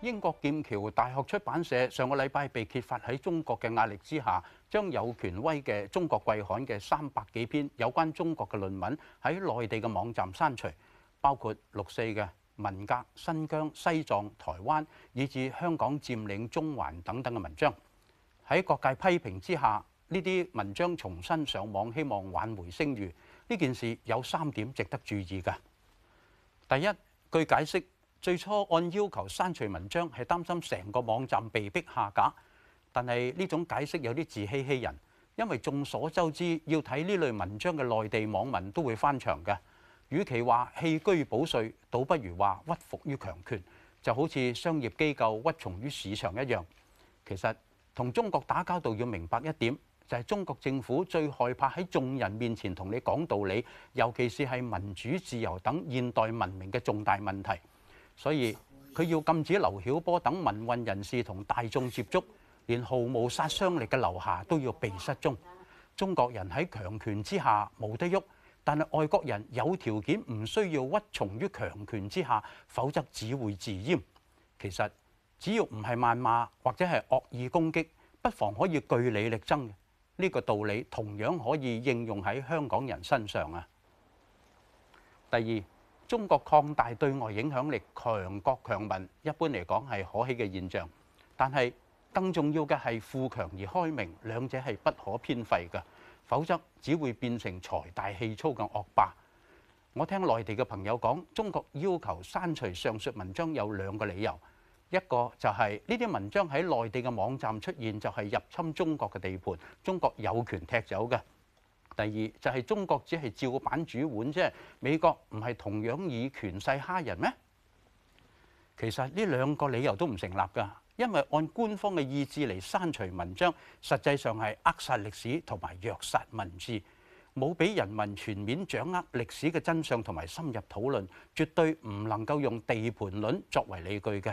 英國劍橋大學出版社上個禮拜被揭發喺中國嘅壓力之下，將有權威嘅中國季刊嘅三百幾篇有關中國嘅論文喺內地嘅網站刪除，包括六四嘅文革、新疆、西藏、台灣，以至香港佔領中環等等嘅文章。喺各界批評之下，呢啲文章重新上網，希望挽回聲譽。呢件事有三點值得注意㗎。第一，據解釋，最初按要求刪除文章係擔心成個網站被逼下架，但係呢種解釋有啲自欺欺人，因為眾所周知，要睇呢類文章嘅內地網民都會翻牆嘅。與其話棄車保帥，倒不如話屈服於強權，就好似商業機構屈從於市場一樣。其實同中國打交道要明白一點。就係中國政府最害怕喺眾人面前同你講道理，尤其是係民主自由等現代文明嘅重大問題，所以佢要禁止劉曉波等民運人士同大眾接觸，連毫無殺傷力嘅劉霞都要被失蹤。中國人喺強權之下冇得喐，但係外國人有條件唔需要屈從於強權之下，否則只會自閹。其實只要唔係謾罵或者係惡意攻擊，不妨可以據理力爭嘅。呢個道理同樣可以應用喺香港人身上啊。第二，中國擴大對外影響力，強國強民，一般嚟講係可喜嘅現象。但係更重要嘅係富強而開明，兩者係不可偏廢嘅，否則只會變成財大氣粗嘅惡霸。我聽內地嘅朋友講，中國要求刪除上述文章有兩個理由。一個就係呢啲文章喺內地嘅網站出現，就係入侵中國嘅地盤，中國有權踢走嘅。第二就係中國只係照板煮碗啫，美國唔係同樣以權勢蝦人咩？其實呢兩個理由都唔成立㗎，因為按官方嘅意志嚟刪除文章，實際上係扼殺歷史同埋弱殺文字，冇俾人民全面掌握歷史嘅真相同埋深入討論，絕對唔能夠用地盤論作為理據嘅。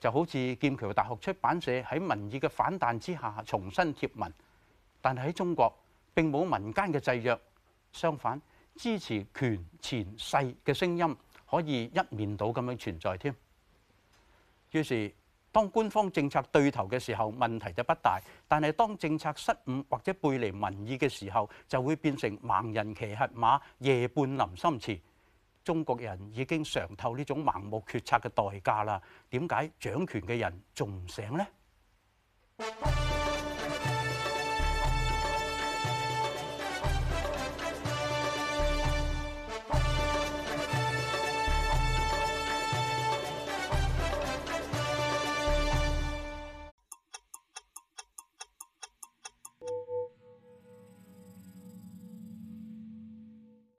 就好似劍橋大學出版社喺民意嘅反彈之下重新貼文，但係喺中國並冇民間嘅制約，相反支持權錢勢嘅聲音可以一面倒咁樣存在添。於是當官方政策對頭嘅時候問題就不大，但係當政策失誤或者背離民意嘅時候，就會變成盲人騎瞎馬，夜半臨深池。中國人已經嘗透呢種盲目決策嘅代價啦。點解掌權嘅人仲唔醒呢？